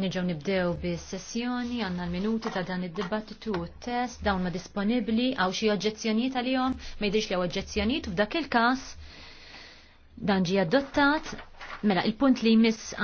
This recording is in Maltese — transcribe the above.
Nġaw nibdew bis-sessjoni, għanna l-minuti ta' dan id-dibattitu u test, dawn ma disponibli, għaw xie oġġezzjoniet għal-jom, ma jidix li għaw oġġezzjoniet, f'dak il-kas, dan ġi adottat, mela il-punt li jmiss